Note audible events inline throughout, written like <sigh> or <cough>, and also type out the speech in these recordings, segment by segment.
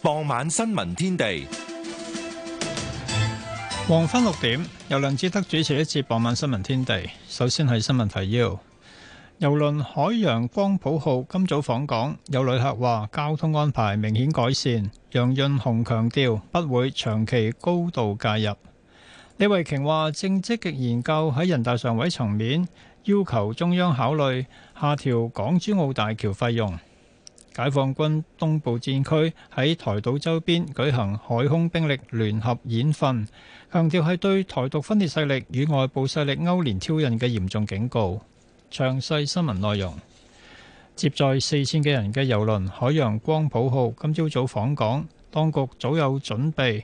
傍晚新聞天地，黃昏六點由梁志德主持一節傍晚新聞天地。首先係新聞提要。遊輪海洋光譜號今早訪港，有旅客話交通安排明顯改善。楊潤雄強調不會長期高度介入。李慧瓊話正積極研究喺人大常委層面要求中央考慮下調港珠澳大橋費用。解放軍東部戰區喺台島周邊舉行海空兵力聯合演訓，強調係對台獨分裂勢力與外部勢力勾連挑釁嘅嚴重警告。詳細新聞內容，接載四千幾人嘅遊輪海洋光譜號今朝早早訪港，當局早有準備，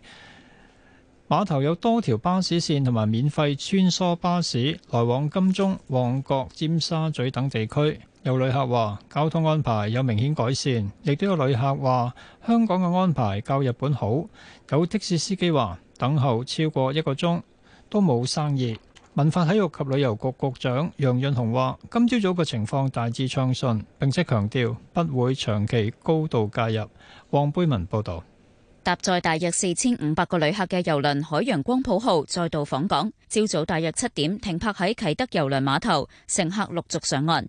碼頭有多條巴士線同埋免費穿梭巴士來往金鐘、旺角、尖沙咀等地區。有旅客話交通安排有明顯改善，亦都有旅客話香港嘅安排較日本好。有的士司機話等候超過一個鐘都冇生意。文化體育及旅遊局局，局長楊潤雄話：今朝早嘅情況大致暢順。並且強調不會長期高度介入。黃貝文報導，搭載大約四千五百個旅客嘅郵輪海洋光譜號再度訪港，朝早大約七點停泊喺啟德郵輪碼頭，乘客陸續上岸。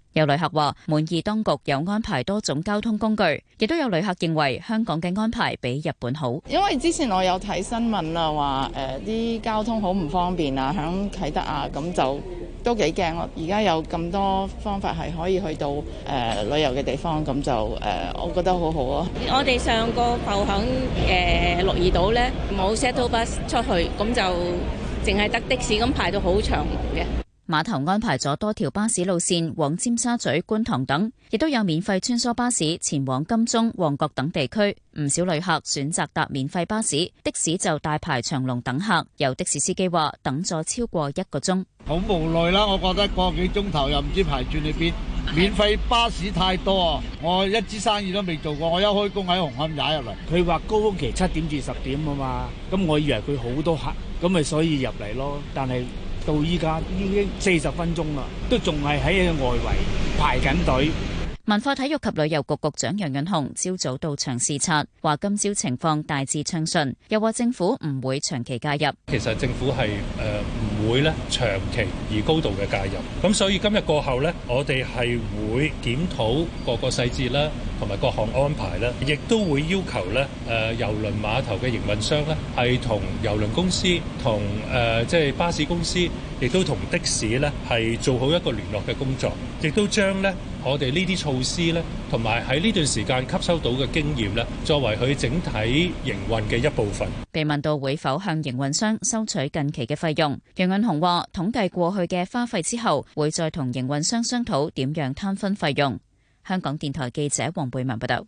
有旅客話滿意當局有安排多種交通工具，亦都有旅客認為香港嘅安排比日本好。因為之前我有睇新聞，呃、啊，話誒啲交通好唔方便啊，響啟德啊，咁就都幾驚咯。而家有咁多方法係可以去到誒，呃、旅遊嘅地方，咁就誒，呃、我覺得好好啊。我哋上個就響誒六二島咧冇 set up bus 出去，咁就淨係得的士咁排到好長嘅。碼頭安排咗多條巴士路線往尖沙咀、觀塘等，亦都有免費穿梭巴士前往金鐘、旺角等地區。唔少旅客選擇搭免費巴士，的士就大排長龍等客。有的士司機話等咗超過一個鐘，好無奈啦。我覺得個幾鐘頭又唔知排轉你邊。免費巴士太多，我一支生意都未做過，我一開工喺紅磡踩入嚟，佢話 <noise> 高峰期七點至十點啊嘛，咁我以為佢好多客，咁咪所以入嚟咯，但係。到依家已經四十分鐘啦，都仲係喺個外圍排緊隊。文化體育及旅遊局局長楊潤雄朝早到場視察，話今朝情況大致暢順，又話政府唔會長期介入。其實政府係誒，會咧長期而高度嘅介入，咁所以今日過後呢，我哋係會檢討各個細節啦，同埋各項安排啦，亦都會要求呢。誒、呃、郵輪碼頭嘅營運商呢，係同郵輪公司同誒即係巴士公司。亦都同的士呢係做好一個聯絡嘅工作，亦都將呢我哋呢啲措施呢，同埋喺呢段時間吸收到嘅經驗呢，作為佢整體營運嘅一部分。被問到會否向營運商收取近期嘅費用，楊潤雄話：統計過去嘅花費之後，會再同營運商商討點樣攤分費用。香港電台記者黃貝文報道。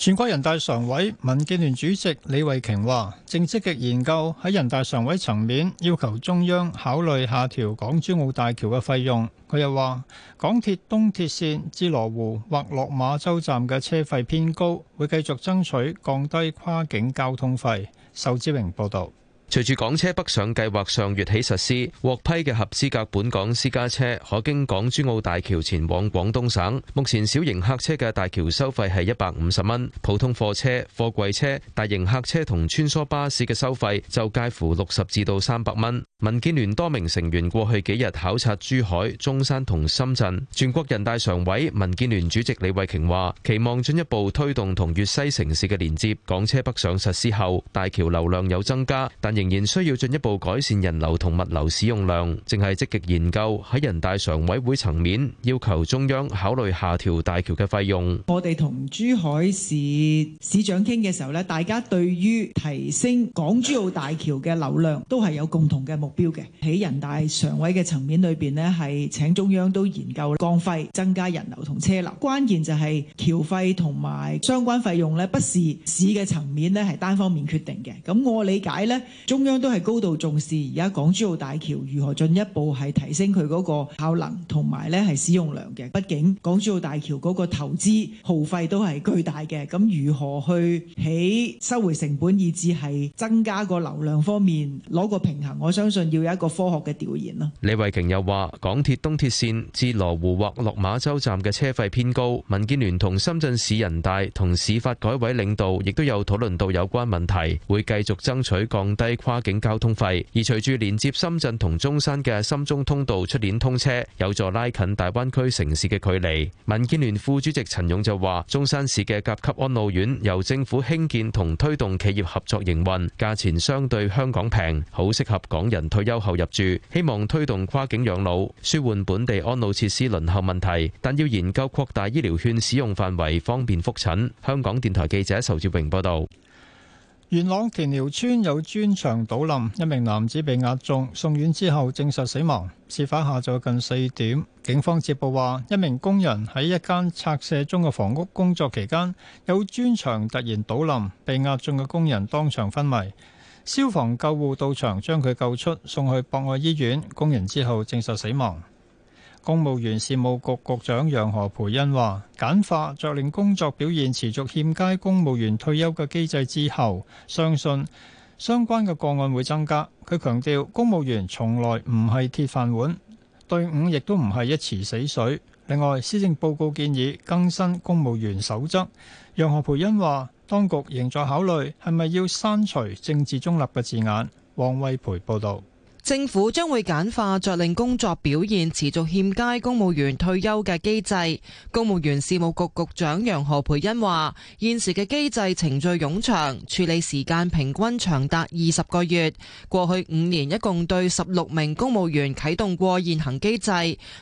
全國人大常委、民建聯主席李慧瓊話：正積極研究喺人大常委層面要求中央考慮下調港珠澳大橋嘅費用。佢又話：港鐵東鐵綫至羅湖或落馬洲站嘅車費偏高，會繼續爭取降低跨境交通費。仇志榮報道。隨住港車北上計劃上月起實施，獲批嘅合資格本港私家車可經港珠澳大橋前往廣東省。目前小型客車嘅大橋收費係一百五十蚊，普通貨車、貨櫃車、大型客車同穿梭巴士嘅收費就介乎六十至到三百蚊。民建聯多名成員過去幾日考察珠海、中山同深圳。全國人大常委、民建聯主席李慧瓊話：期望進一步推動同粵西城市嘅連接。港車北上實施後，大橋流量有增加，但仍然需要進一步改善人流同物流使用量，正係積極研究喺人大常委會層面要求中央考慮下調大橋嘅費用。我哋同珠海市市長傾嘅時候咧，大家對於提升港珠澳大橋嘅流量都係有共同嘅目標嘅。喺人大常委嘅層面裏邊咧，係請中央都研究降費、增加人流同車流。關鍵就係橋費同埋相關費用咧，不是市嘅層面咧，係單方面決定嘅。咁我理解咧。中央都係高度重視，而家港珠澳大橋如何進一步係提升佢嗰個效能同埋咧係使用量嘅。畢竟港珠澳大橋嗰個投資耗費都係巨大嘅，咁如何去喺收回成本以至係增加個流量方面攞個平衡？我相信要有一個科學嘅調研咯。李慧瓊又話：港鐵東鐵線至羅湖或落馬洲站嘅車費偏高，民建聯同深圳市人大同市發改委領導亦都有討論到有關問題，會繼續爭取降低。跨境交通費，而隨住連接深圳同中山嘅深中通道出年通車，有助拉近大灣區城市嘅距離。民建聯副主席陳勇就話，中山市嘅甲級安老院由政府興建同推動企業合作營運，價錢相對香港平，好適合港人退休後入住。希望推動跨境養老，舒緩本地安老設施輪候問題，但要研究擴大醫療券使用範圍，方便複診。香港電台記者仇志榮報道。元朗田寮村有磚牆倒冧，一名男子被壓中，送院之後證實死亡。事發下晝近四點，警方接報話，一名工人喺一間拆卸中嘅房屋工作期間，有磚牆突然倒冧，被壓中嘅工人當場昏迷。消防救護到場將佢救出，送去博愛醫院，工人之後證實死亡。公務員事務局局長楊何培恩話，簡化著令工作表現持續欠佳公務員退休嘅機制之後，相信相關嘅個案會增加。佢強調公務員從來唔係鐵飯碗，隊伍亦都唔係一池死水。另外，施政報告建議更新公務員守則。楊何培恩話當局仍在考慮係咪要刪除政治中立嘅字眼。黃衛培報道。政府將會簡化再令工作表現持續欠佳公務員退休嘅機制。公務員事務局局長楊何蓓茵話，現時嘅機制程序冗長，處理時間平均長達二十個月。過去五年一共對十六名公務員啟動過現行機制，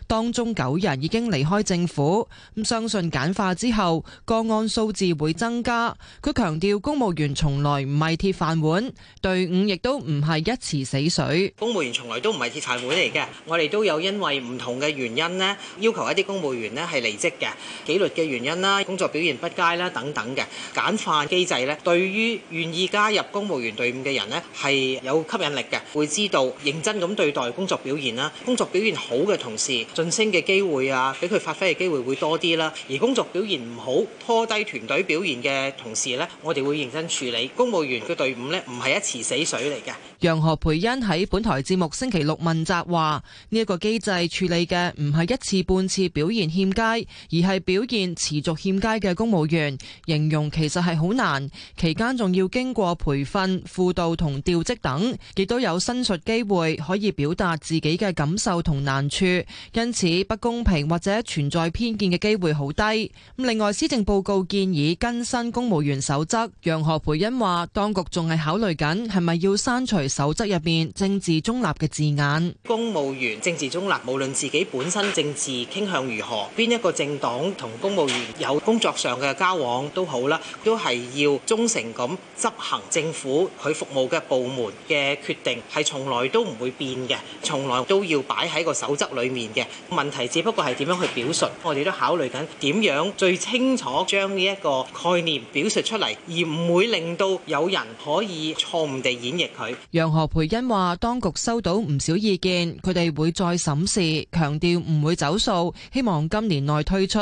當中九人已經離開政府。咁相信簡化之後個案數字會增加。佢強調，公務員從來唔係鐵飯碗，隊伍亦都唔係一池死水，水。公務員從來都唔係鐵飯碗嚟嘅，我哋都有因為唔同嘅原因咧，要求一啲公務員咧係離職嘅紀律嘅原因啦，工作表現不佳啦等等嘅簡化機制呢，對於願意加入公務員隊伍嘅人呢，係有吸引力嘅，會知道認真咁對待工作表現啦，工作表現好嘅同事晉升嘅機會啊，俾佢發揮嘅機會會多啲啦，而工作表現唔好拖低團隊表現嘅同事呢，我哋會認真處理。公務員嘅隊伍呢，唔係一池死水嚟嘅。楊何培恩喺本台。節目星期六問責話，呢一個機制處理嘅唔係一次半次表現欠佳，而係表現持續欠佳嘅公務員。形容其實係好難，期間仲要經過培訓、輔導同調職等，亦都有申訴機會可以表達自己嘅感受同難處。因此，不公平或者存在偏見嘅機會好低。另外，施政報告建議更新公務員守則，楊何培恩話當局仲係考慮緊係咪要刪除守則入面政治中立嘅字眼，公務員政治中立，無論自己本身政治傾向如何，邊一個政黨同公務員有工作上嘅交往都好啦，都係要忠誠咁執行政府佢服務嘅部門嘅決定，係從來都唔會變嘅，從來都要擺喺個守則裏面嘅問題，只不過係點樣去表述，我哋都考慮緊點樣最清楚將呢一個概念表述出嚟，而唔會令到有人可以錯誤地演繹佢。楊何蓓茵話當局，收到唔少意見，佢哋會再審視，強調唔會走數，希望今年內推出。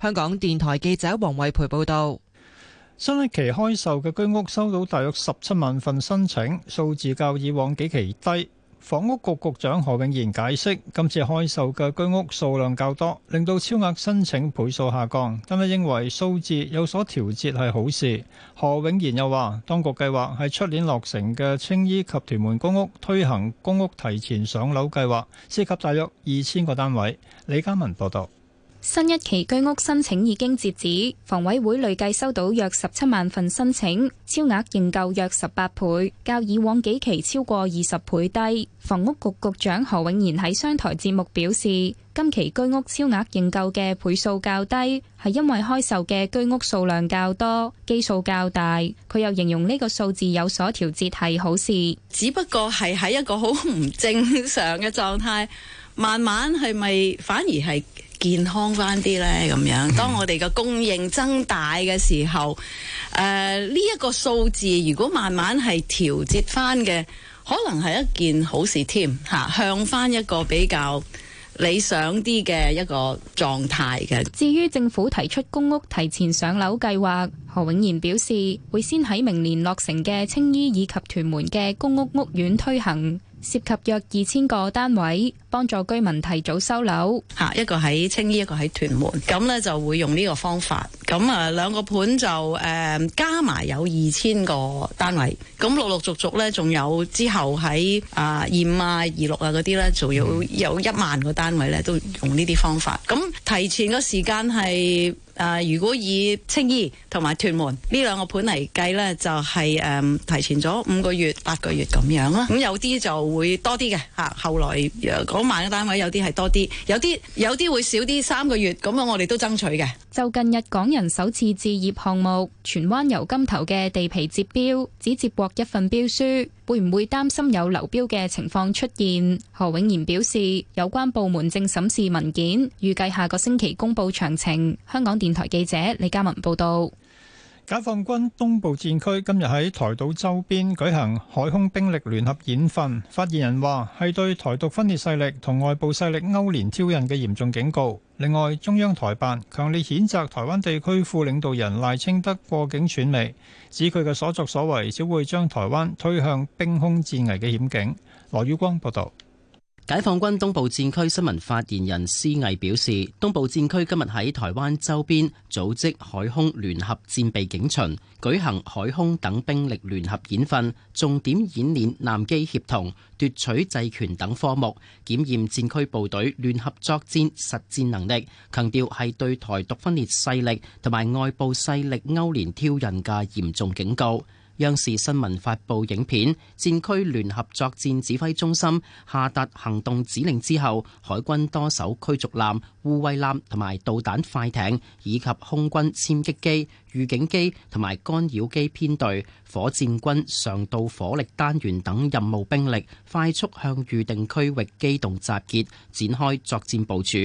香港電台記者黃慧培報道，新一期開售嘅居屋收到大約十七萬份申請，數字較以往幾期低。房屋局局長何永賢解釋，今次開售嘅居屋數量較多，令到超額申請倍數下降。但係認為數字有所調節係好事。何永賢又話，當局計劃喺出年落成嘅青衣及屯門公屋推行公屋提前上樓計劃，涉及大約二千個單位。李嘉文報道。新一期居屋申請已經截止，房委會累計收到約十七萬份申請，超額認購約十八倍，較以往幾期超過二十倍低。房屋局局長何永賢喺商台節目表示，今期居屋超額認購嘅倍數較低，係因為開售嘅居屋數量較多，基數較大。佢又形容呢個數字有所調節係好事，只不過係喺一個好唔正常嘅狀態。慢慢係咪反而係健康翻啲咧？咁樣，當我哋嘅供應增大嘅時候，誒呢一個數字如果慢慢係調節翻嘅，可能係一件好事添吓，向翻一個比較理想啲嘅一個狀態嘅。至於政府提出公屋提前上樓計劃，何永賢表示會先喺明年落成嘅青衣以及屯門嘅公屋屋苑推行。涉及約二千個單位，幫助居民提早收樓。吓，一個喺青衣，一個喺屯門，咁呢就會用呢個方法。咁啊，兩個盤就誒、呃、加埋有二千個單位。咁陸陸續續、呃、25，呢，仲有之後喺啊二五啊、二六啊嗰啲呢，仲有有一萬個單位呢，都用呢啲方法。咁提前個時間係。啊！如果以青衣同埋屯門呢兩個盤嚟計呢就係、是、誒、嗯、提前咗五個月、八個月咁樣啦。咁、嗯、有啲就會多啲嘅吓，後來嗰萬嘅單位有啲係多啲，有啲有啲會少啲三個月。咁我我哋都爭取嘅。就近日港人首次置業項目。荃灣油金頭嘅地皮接標，只接獲一份標書，會唔會擔心有流標嘅情況出現？何永賢表示，有關部門正審視文件，預計下個星期公佈詳情。香港電台記者李嘉文報道。解放軍東部戰區今日喺台島周邊舉行海空兵力聯合演訓，發言人話係對台獨分裂勢力同外部勢力勾連挑釁嘅嚴重警告。另外，中央台辦強烈譴責台灣地區副領導人賴清德過境竄美，指佢嘅所作所為只會將台灣推向兵凶戰危嘅險境。羅宇光報道。解放軍東部戰區新聞發言人施毅表示，東部戰區今日喺台灣周邊組織海空聯合戰備警巡，舉行海空等兵力聯合演訓，重點演練艦機協同、奪取制權等科目，檢驗戰區部隊聯合作戰實戰能力，強調係對台獨分裂勢力同埋外部勢力勾連挑釁嘅嚴重警告。央視新聞發布影片，戰區聯合作戰指揮中心下達行動指令之後，海軍多艘驅逐艦、護衛艦同埋導彈快艇，以及空軍殲擊機、預警機同埋干擾機編隊、火箭軍常導火力單元等任務兵力，快速向預定區域機動集結，展開作戰部署。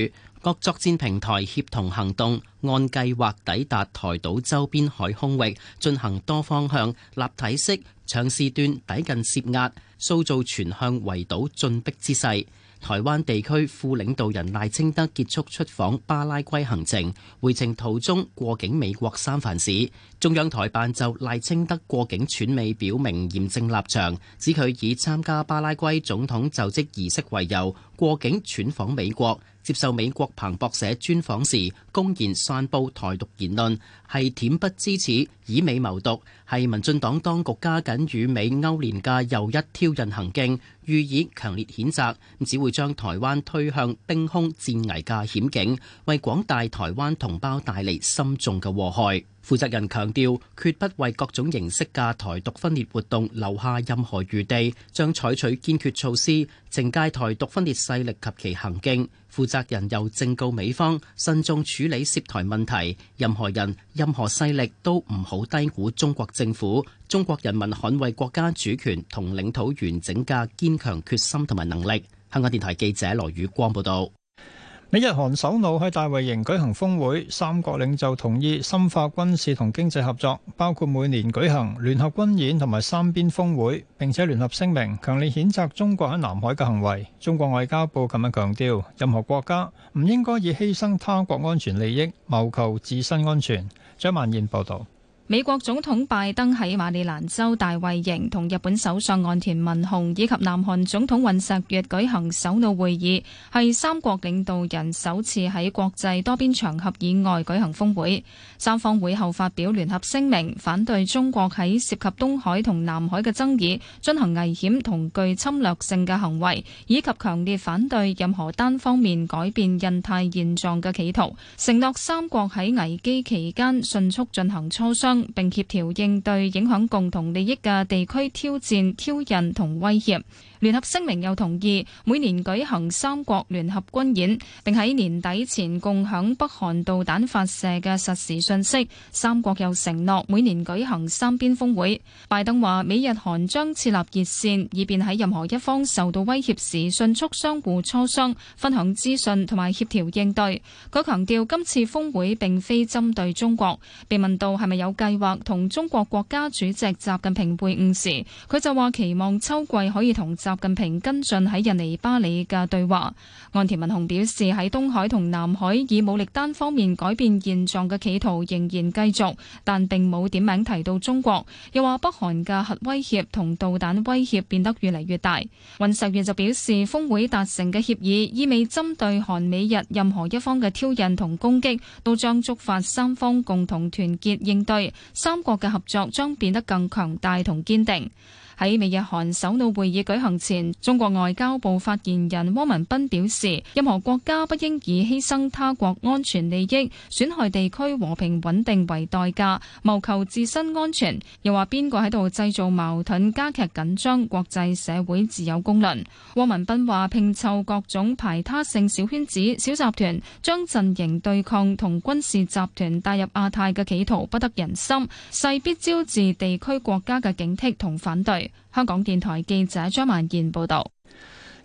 各作戰平台協同行動，按計劃抵達台島周邊海空域，進行多方向、立體式、長時段抵近施壓，塑造全向圍島進逼之勢。台灣地區副領導人賴清德結束出訪巴拉圭行程，回程途中過境美國三藩市。中央台辦就賴清德過境竄美表明嚴正立場，指佢以參加巴拉圭總統就職儀式為由過境竄訪美國。接受美國彭博社專訪時，公然散佈台獨言論，係恬不知恥，以美謀獨。係民進黨當局加緊與美勾連嘅又一挑釁行徑，予以強烈譴責，只會將台灣推向兵凶戰危嘅險境，為廣大台灣同胞帶嚟深重嘅禍害。負責人強調，決不為各種形式嘅台獨分裂活動留下任何餘地，將採取堅決措施，懲戒台獨分裂勢力及其行徑。負責人又正告美方，慎重處理涉台問題，任何人、任何勢力都唔好低估中國。政府中國人民捍衛國家主權同領土完整嘅堅強決心同埋能力。香港電台記者羅宇光報導。美日韓首腦喺大衛營舉行峯會，三國領袖同意深化軍事同經濟合作，包括每年舉行聯合軍演同埋三邊峯會，並且聯合聲明強烈譴責中國喺南海嘅行為。中國外交部咁樣強調，任何國家唔應該以犧牲他國安全利益謀求自身安全。張曼燕報導。美國總統拜登喺馬里蘭州大衛營同日本首相岸田文雄以及南韓總統尹錫悦舉行首腦會議，係三國領導人首次喺國際多邊場合以外舉行峰會。三方會後發表聯合聲明，反對中國喺涉及東海同南海嘅爭議進行危險同具侵略性嘅行為，以及強烈反對任何單方面改變印太現狀嘅企圖。承諾三國喺危機期間迅速進行磋商。並協調應對影響共同利益嘅地區挑戰、挑釁同威脅。聯合聲明又同意每年舉行三國聯合軍演，並喺年底前共享北韓導彈發射嘅實時信息。三國又承諾每年舉行三邊峰會，拜登話美日韓將設立熱線，以便喺任何一方受到威脅時迅速相互磋商、分享資訊同埋協調應對。佢強調今次峰會並非針對中國，被問到係咪有計劃同中國國家主席習近平會晤時，佢就話期望秋季可以同。習近平跟進喺印尼巴里嘅對話，岸田文雄表示喺東海同南海以武力單方面改變現狀嘅企圖仍然繼續，但並冇點名提到中國。又話北韓嘅核威脅同導彈威脅變得越嚟越大。尹錫悅就表示，峰會達成嘅協議意味針對韓美日任何一方嘅挑釁同攻擊，都將觸發三方共同團結應對，三國嘅合作將變得更強大同堅定。喺美日韓首腦會議舉行前，中國外交部發言人汪文斌表示：任何國家不應以犧牲他國安全利益、損害地區和平穩定為代價，謀求自身安全。又話邊個喺度製造矛盾、加劇緊張，國際社會自有公論。汪文斌話：拼湊各種排他性小圈子、小集團，將陣營對抗同軍事集團帶入亞太嘅企圖，不得人心，勢必招致地區國家嘅警惕同反對。香港電台記者張萬健報道，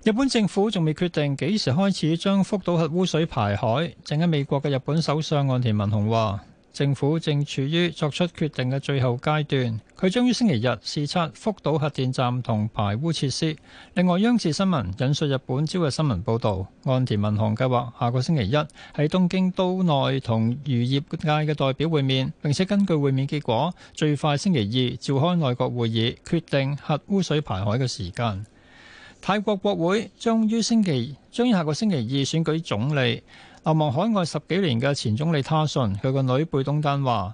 日本政府仲未決定幾時開始將福島核污水排海。正喺美國嘅日本首相岸田文雄話。政府正處於作出決定嘅最後階段，佢將於星期日視察福島核電站同排污設施。另外，央視新聞引述日本朝日新聞報道，岸田文雄計劃下個星期一喺東京都內同漁業界嘅代表會面，並且根據會面結果，最快星期二召開內閣會議決定核污水排海嘅時間，泰國國會將於星期將於下個星期二選舉總理。流亡海外十幾年嘅前總理他信，佢個女貝東丹話：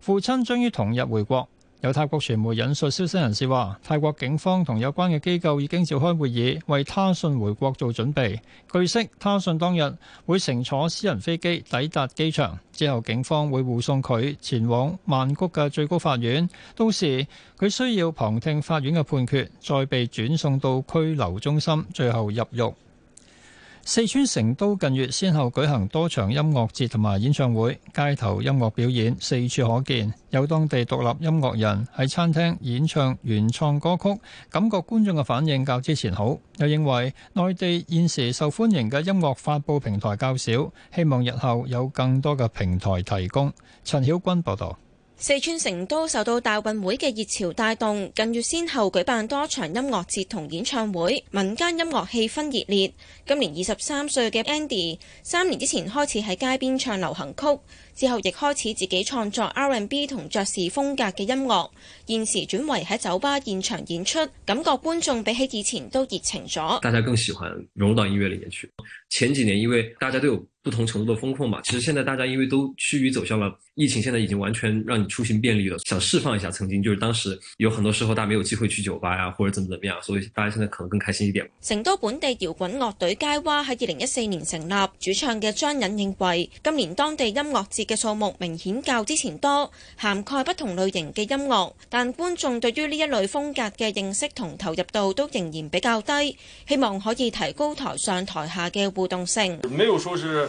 父親將於同日回國。有泰國傳媒引述消息人士話，泰國警方同有關嘅機構已經召開會議，為他信回國做準備。據悉，他信當日會乘坐私人飛機抵達機場，之後警方會護送佢前往曼谷嘅最高法院。到時佢需要旁聽法院嘅判決，再被轉送到拘留中心，最後入獄。四川成都近月先後舉行多場音樂節同埋演唱會，街頭音樂表演四處可見，有當地獨立音樂人喺餐廳演唱原創歌曲，感覺觀眾嘅反應較之前好。又認為內地現時受歡迎嘅音樂發布平台較少，希望日後有更多嘅平台提供。陳曉君報道。四川成都受到大運會嘅熱潮帶動，近月先後舉辦多場音樂節同演唱會，民間音樂氣氛熱烈。今年二十三歲嘅 Andy，三年之前開始喺街邊唱流行曲，之後亦開始自己創作 R&B 同爵士風格嘅音樂，現時轉為喺酒吧現場演出，感覺觀眾比起以前都熱情咗。大家更喜歡融入到音樂裏面去。前幾年因為大家都有不同程度嘅封控嘛，其實現在大家因為都趨於走向了。疫情現在已經完全讓你出行便利了，想釋放一下曾經，就是當時有很多時候大家沒有機會去酒吧呀、啊，或者怎麼怎麼樣，所以大家現在可能更開心一點。成都本地搖滾樂隊街蛙喺二零一四年成立，主唱嘅張忍認為，今年當地音樂節嘅數目明顯較之前多，涵蓋不同類型嘅音樂，但觀眾對於呢一類風格嘅認識同投入度都仍然比較低，希望可以提高台上台下嘅互動性。沒有說是。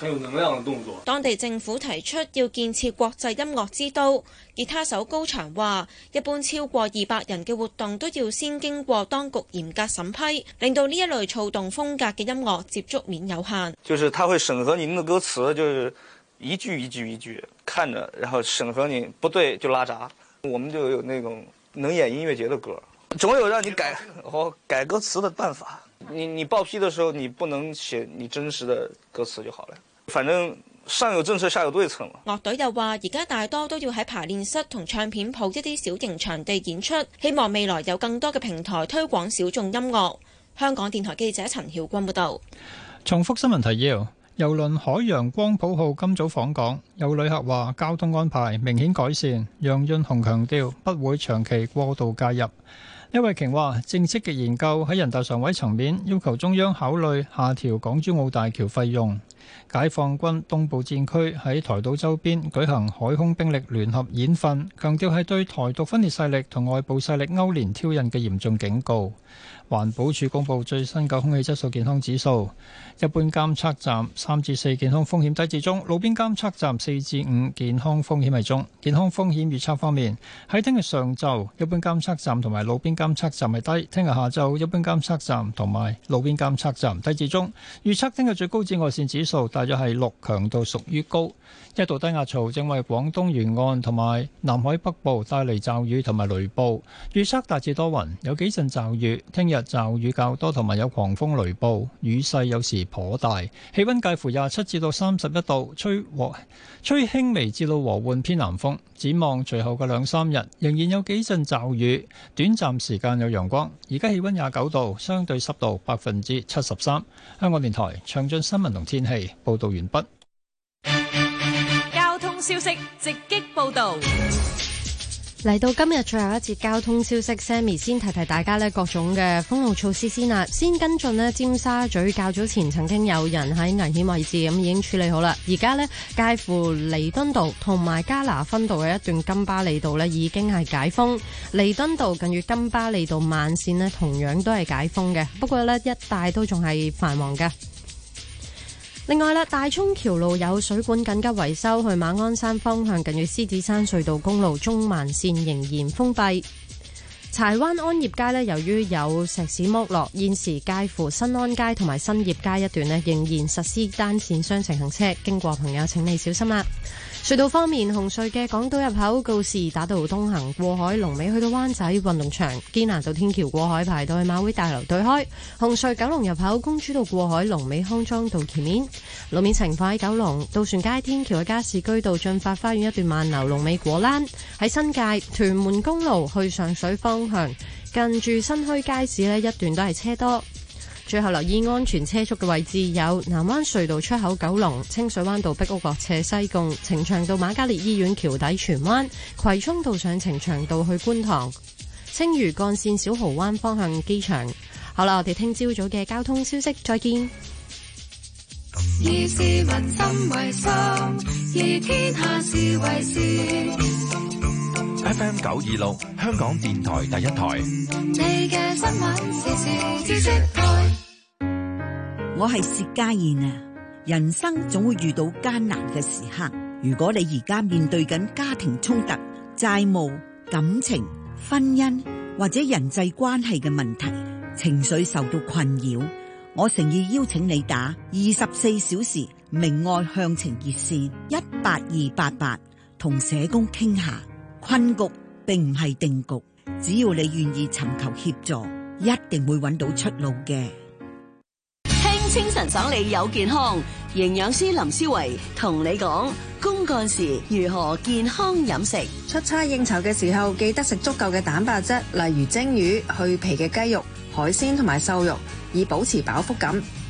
很有能量的動作。當地政府提出要建設國際音樂之都，吉他手高翔話：一般超過二百人嘅活動都要先經過當局嚴格審批，令到呢一類躁動風格嘅音樂接觸面有限。就是他會審核你嘅歌詞，就是一句一句一句，一句看着，然後審核你不對就拉閘。我們就有那種能演音樂節嘅歌，總有讓你改或改歌詞嘅辦法。你你報批嘅時候，你不能寫你真實嘅歌詞就好了。反正上有政策，下有對策啦。樂隊又話，而家大多都要喺排練室同唱片鋪一啲小型場地演出，希望未來有更多嘅平台推廣小眾音樂。香港電台記者陳曉君報道。重複新聞提要：遊輪海洋光譜號今早訪港，有旅客話交通安排明顯改善。楊潤雄強調不會長期過度介入。李慧瓊話正積極研究喺人大常委層面要求中央考慮下調港珠澳大橋費用。解放軍東部戰區喺台島周邊舉行海空兵力聯合演訓，強調係對台獨分裂勢力同外部勢力勾連挑釁嘅嚴重警告。環保署公布最新嘅空氣質素健康指數，一般監測站三至四健康風險低至中，路邊監測站四至五健康風險係中。健康風險預測方面，喺聽日上晝一般監測站同埋路邊監測站係低，聽日下晝一般監測站同埋路邊監測站低至中。預測聽日最高紫外線指數。大約係六強度屬於高，屬於高。一道低壓槽正為廣東沿岸同埋南海北部帶嚟驟雨同埋雷暴，預測大致多雲，有幾陣驟雨，聽日驟雨較多同埋有狂風雷暴，雨勢有時頗大，氣溫介乎廿七至到三十一度，吹和吹輕微至到和緩偏南風，展望隨後嘅兩三日仍然有幾陣驟雨，短暫時間有陽光，而家氣溫廿九度，相對濕度百分之七十三，香港電台詳盡新聞同天氣。報道完畢。交通消息直擊報道，嚟到今日最後一節交通消息，Sammy 先提提大家咧，各種嘅封路措施先啦。先跟進咧，尖沙咀較早前曾經有人喺危險位置，咁已經處理好啦。而家呢，介乎彌敦道同埋加拿芬道嘅一段金巴利道咧，已經係解封。彌敦道近月金巴利道慢線咧，同樣都係解封嘅，不過呢，一帶都仲係繁忙嘅。另外啦，大涌橋路有水管緊急維修，去馬鞍山方向近月獅子山隧道公路中慢線仍然封閉。柴灣安業街咧，由於有石屎剝落，現時介乎新安街同埋新業街一段咧仍然實施單線雙程行車，經過朋友請你小心啦。隧道方面，紅隧嘅港島入口告士打道東行過海龍尾去到灣仔運動場，堅拿道天橋過海排到去馬會大樓對開。紅隧九龍入口公主道過海龍尾康莊道，前面路面情況喺九龍渡船街天橋嘅加士居道駿發花園一段慢流，龍尾果欄，喺新界屯門公路去上水方向近住新墟街市咧，一段都係車多。最後留意安全車速嘅位置有南灣隧道出口九龍、九龍清水灣道碧屋角、斜西貢、呈祥道、瑪嘉烈醫院橋底灣、荃灣葵涌道上呈祥道去觀塘、青嶼幹線小蚝灣方向機場。好啦，我哋聽朝早嘅交通消息，再見。以市民心為心，以天下事為事。FM 九二六，26, 香港電台第一台。我係薛家燕啊。人生總會遇到艱難嘅時刻。如果你而家面對緊家庭衝突、債務、感情、婚姻或者人際關係嘅問題，情緒受到困擾，我誠意邀請你打二十四小時明愛向情熱線一八二八八，同社工傾下。困局，並唔係定局。只要你願意尋求協助，一定會揾到出路嘅。聽清晨爽利有健康，營養師林思維，同你講，公幹時如何健康飲食。出差應酬嘅時候，記得食足夠嘅蛋白質，例如蒸魚、去皮嘅雞肉、海鮮同埋瘦肉，以保持飽腹感。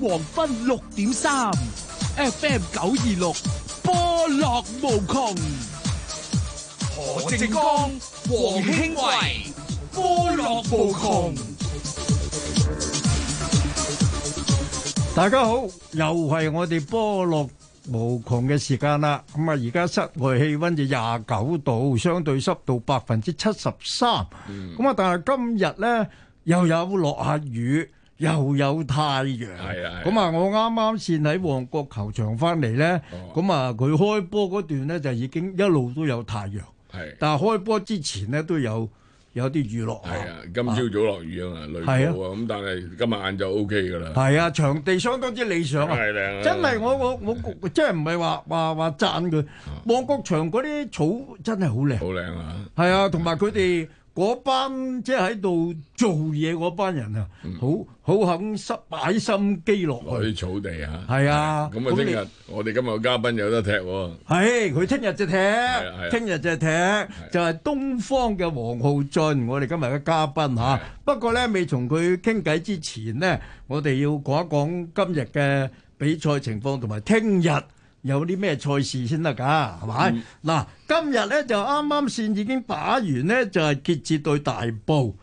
黃昏六點三，FM 九二六，波落無窮。何正剛、黃興偉，波落無窮。大家好，又係我哋波落無窮嘅時間啦。咁啊，而家室外氣溫就廿九度，相對濕度百分之七十三。咁啊，但係今日咧又有落下雨。又有太陽，咁啊！我啱啱先喺旺角球場翻嚟咧，咁啊佢開波嗰段咧就已經一路都有太陽，但係開波之前咧都有有啲雨落。係啊，今朝早落雨啊嘛，雷暴啊，咁但係今日晏晝 OK 㗎啦。係啊，場地相當之理想啊，真係我我我真係唔係話話話讚佢旺角場嗰啲草真係好靚，好靚啊！係啊，同埋佢哋，嗰班即喺度做嘢嗰班人啊、嗯，好好肯失擺心機落去。草地啊。係啊。咁啊，聽日你我哋今日嘅嘉賓有得踢喎、哦。係，佢聽日就踢，聽日、啊、就踢，啊、就係東方嘅黃浩俊，我哋今日嘅嘉賓吓。啊啊、不過咧，未同佢傾偈之前咧，我哋要講一講今日嘅比賽情況同埋聽日。有啲咩賽事先得㗎，係咪？嗱、嗯啊，今日呢，就啱啱線已經打完呢就係決戰對大埔。